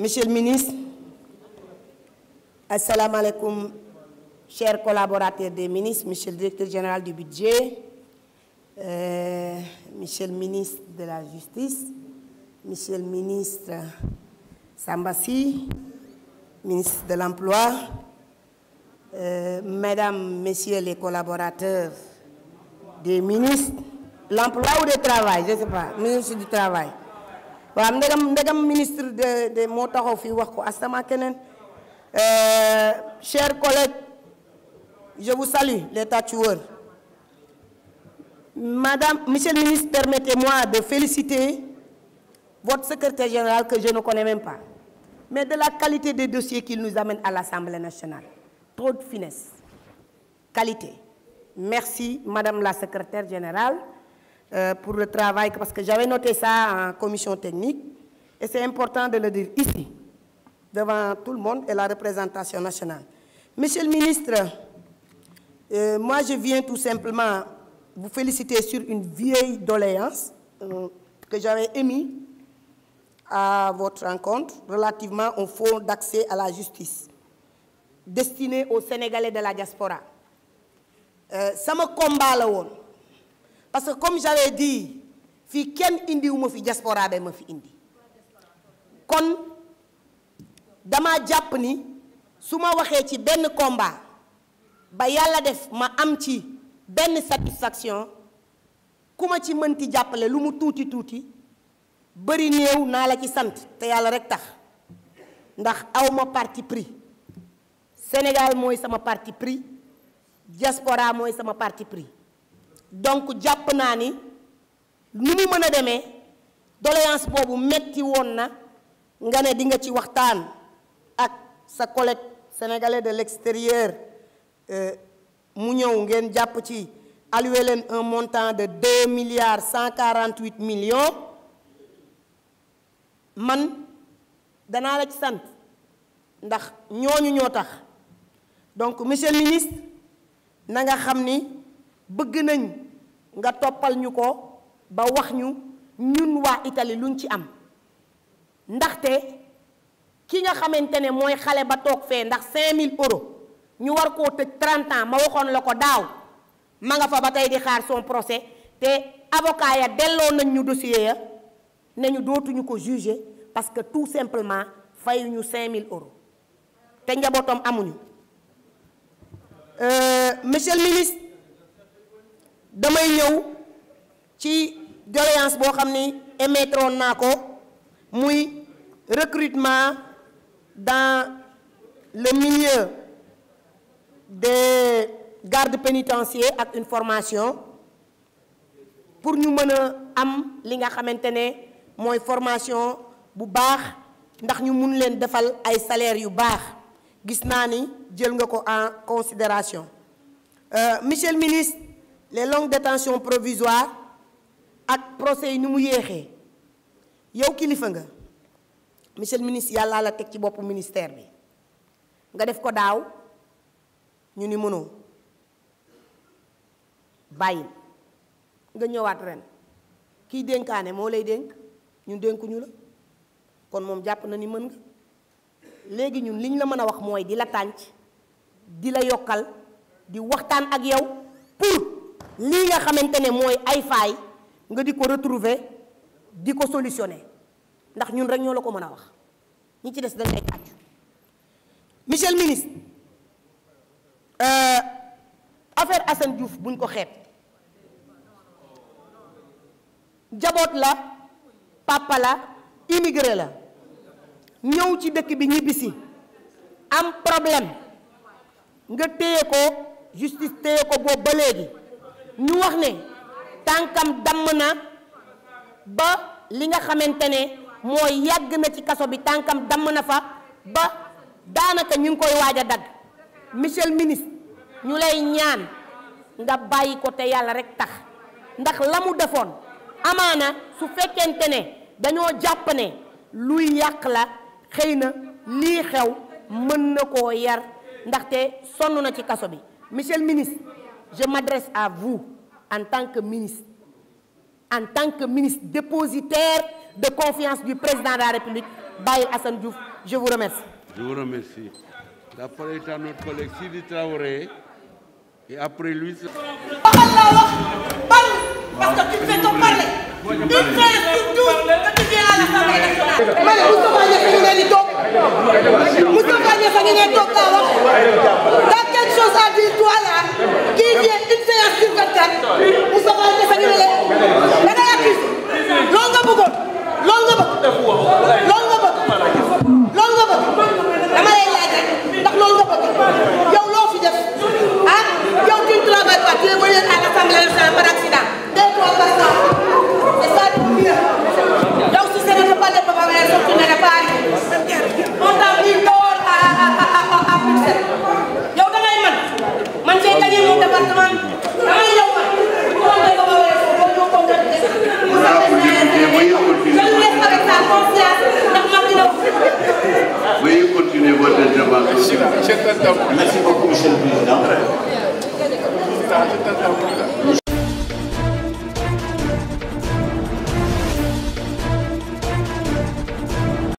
Monsieur le ministre, Assalamu alaikum, chers collaborateurs des ministres, Monsieur le directeur général du budget, euh, Monsieur le ministre de la Justice, Monsieur le ministre Sambassi, ministre de l'Emploi, euh, Mesdames, Messieurs les collaborateurs des ministres, l'emploi ou le travail, je ne sais ministre du Travail. waaw ndegam ndegam ministre de de moo taxaw fii wax ko astama keneen euh, chers collègues je vous salue les tatoueurs madame monsieur le ministre permettez-moi de féliciter votre secrétaire général que je ne connais même pas mais de la qualité des dossiers qu'il nous amène à l'Assemblée nationale trop de finesse qualité merci madame la secrétaire générale euh, pour le travail, parce que j'avais noté ça en commission technique, et c'est important de le dire ici, devant tout le monde et la représentation nationale. Monsieur le ministre, euh, moi je viens tout simplement vous féliciter sur une vieille doléance euh, que j'avais émise à votre rencontre relativement au fonds d'accès à la justice destiné au Sénégalais de la diaspora. Euh, sama combat la woon parce que comme j'avais dit fii kenn indiwu ma fi diaspora ba ma fi indi kon dama jàpp ni su ma waxee ci benn combat ba yàlla def ma am ci benn satisfaction ku ma ci mënti jàppale lu mu tuuti tuuti bëri néew naa la ci sant te yàlla rek tax ndax awma parti pris Sénégal mooy sama parti pris diaspora mooy sama parti pris donc jàpp naa ni ni mu mën a demee doléance boobu metti woon na nga ne di nga ci waxtaan ak sa collègue sénégalais de l'extérieur euh, mu ñëw ngeen jàpp ci alloué leen un montant de deux milliards cent quarante huit million man danaa la ci sant ndax ñooñu ñoo tax donc monsieur ministre na nga xam ni. bëgg nañ nga toppal ñu ko ba wax ñu ñun waa Italie luñ ci am ndaxte ki nga xamante ne mooy xale ba toog fee ndax 5000 euros ñu war koo tëj 30 ma waxoon la ko daaw ma nga fa ba tey di xaar son procès te avocat ya delloo nañ ñu dossier ya ne ñu dootuñu ko juger parce que tout simplement fayuñu 5000 euros te njabootam amuñu euh, monsieur le ministre. damay ñëw ci doléance boo xam ni émettroon naa ko muy recrutement dans le milieu des gardes pénitentiaires ak une formation pour ñu mën a am li nga xamante ne mooy formation bu baax ndax ñu mun leen defal ay salaires yu baax gis naa ni jël nga ko en considération euh, ministre les longues détentions provisoires ak procès yi ni mu yéexee yow kilifa nga monsieur le ministre yàllaa la teg ci boppu ministère bi nga def ko daaw ñu ni mënoo bàyyi nga ñëwaat ren kiy dénkaane moo lay dénk ñun dénkuñu la kon moom jàpp na ni mën nga léegi ñun liñ la mën a wax mooy di la tànc di la yokkal di waxtaan ak yow lii nga xamante ne mooy ay faay nga di ko retrouver di ko solutionner ndax ñun rek ñoo la ko mën a wax ñi ci des dañ lay tàccu ministre euh, affaire Assane jouf buñ ko xeeb jaboot la papa la immigré la ñëw ci dëkk bi ñibbisi am problème nga téye ko justice téye ko boobu ba léegi ñu wax ne tànkam damm na ba li nga xamante ne moo yàgg na ci kaso bi tànkam damm na fa ba daanaka ñu ngi koy waaj a dagg monsieur le ministre ñu lay ñaan nga bàyyi ko te yàlla rek tax ndax la mu defoon amaana su fekkente ne dañoo jàpp luy yàq la xëy na lii xew mën na koo yar ndaxte sonn na ci kaso bi monsieur le ministre je m'adresse à vous en tant que ministre, tant que ministre dépositaire de confiance du président de la République, Baye Hassan Diouf. Je vous remercie. Je vous remercie. La parole est à notre collègue Sidi Traoré. Et après lui... Parle la wax, parle, parce que tu fais ton parler. Une 13, une 12, que tu viens à l'Assemblée nationale. Merci beaucoup, Monsieur le Président.